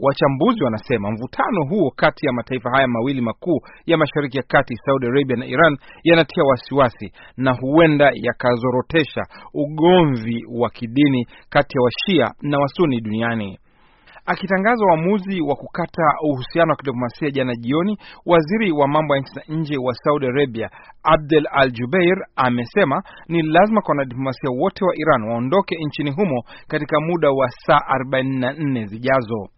Wachambuzi wanasema mvutano huo kati ya mataifa haya mawili makuu ya Mashariki ya Kati, Saudi Arabia na Iran, yanatia wasiwasi na huenda yakazorotesha ugomvi wa kidini kati ya Washia na Wasuni duniani. Akitangaza uamuzi wa kukata uhusiano wa kidiplomasia jana jioni, waziri wa mambo ya nchi za nje wa Saudi Arabia Abdel Al Jubeir amesema ni lazima kwa wanadiplomasia wote wa Iran waondoke nchini humo katika muda wa saa 44 zijazo.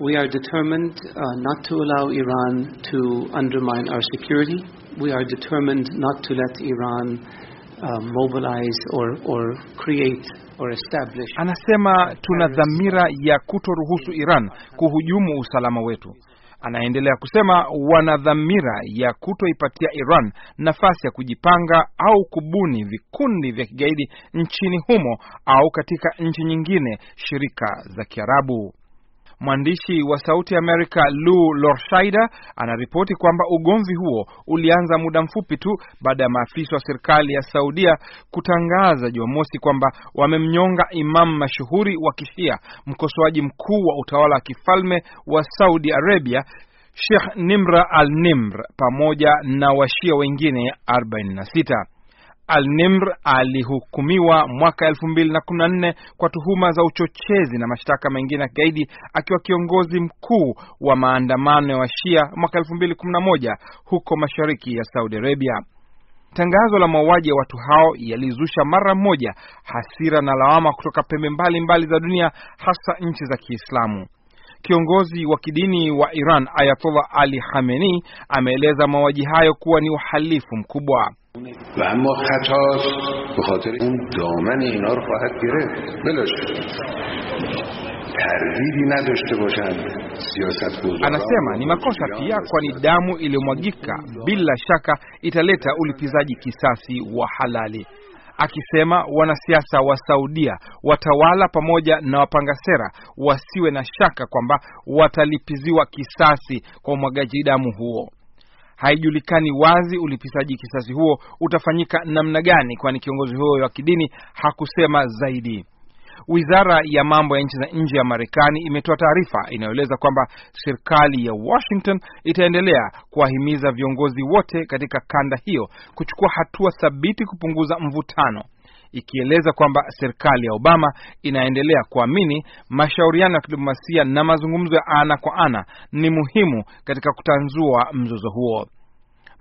We are determined uh, not to allow Iran to undermine our security. We are determined not to let Iran uh, mobilize or, or create or establish. Anasema tuna dhamira ya kutoruhusu Iran kuhujumu usalama wetu. Anaendelea kusema wana dhamira ya kutoipatia Iran nafasi ya kujipanga au kubuni vikundi vya kigaidi nchini humo au katika nchi nyingine, shirika za Kiarabu. Mwandishi wa Sauti Amerika lu Lorshaida anaripoti kwamba ugomvi huo ulianza muda mfupi tu baada ya maafisa wa serikali ya Saudia kutangaza Jumamosi kwamba wamemnyonga imamu mashuhuri wa Kishia, mkosoaji mkuu wa utawala wa kifalme wa Saudi Arabia Sheikh Nimra al-Nimr pamoja na washia wengine 46. Al-Nimr alihukumiwa mwaka nne kwa tuhuma za uchochezi na mashtaka mengine ya kigaidi akiwa kiongozi mkuu wa maandamano ya Washia mwaka moja huko mashariki ya Saudi Arabia. Tangazo la mauaji ya watu hao yalizusha mara moja hasira na lawama kutoka pembe mbalimbali mbali za dunia, hasa nchi za Kiislamu. Kiongozi wa kidini wa Iran Ayatollah Ali Khamenei ameeleza mauaji hayo kuwa ni uhalifu mkubwa Anasema ni makosa pia, kwani damu iliyomwagika bila shaka italeta ulipizaji kisasi wa halali akisema wanasiasa wa Saudia, watawala pamoja na wapanga sera wasiwe na shaka kwamba watalipiziwa kisasi kwa umwagaji damu huo. Haijulikani wazi ulipizaji kisasi huo utafanyika namna gani, kwani kiongozi huyo wa kidini hakusema zaidi. Wizara ya mambo ya nchi za nje ya Marekani imetoa taarifa inayoeleza kwamba serikali ya Washington itaendelea kuwahimiza viongozi wote katika kanda hiyo kuchukua hatua thabiti kupunguza mvutano, ikieleza kwamba serikali ya Obama inaendelea kuamini mashauriano ya kidiplomasia na mazungumzo ya ana kwa ana ni muhimu katika kutanzua mzozo huo.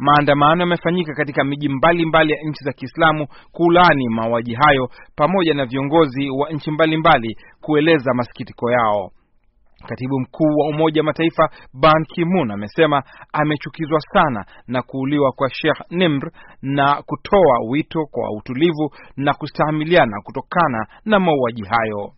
Maandamano yamefanyika katika miji mbalimbali ya nchi za Kiislamu kulani mauaji hayo pamoja na viongozi wa nchi mbalimbali kueleza masikitiko yao. Katibu mkuu wa Umoja wa Mataifa Ban Ki-moon amesema amechukizwa sana na kuuliwa kwa Sheikh Nimr na kutoa wito kwa utulivu na kustahamiliana kutokana na mauaji hayo.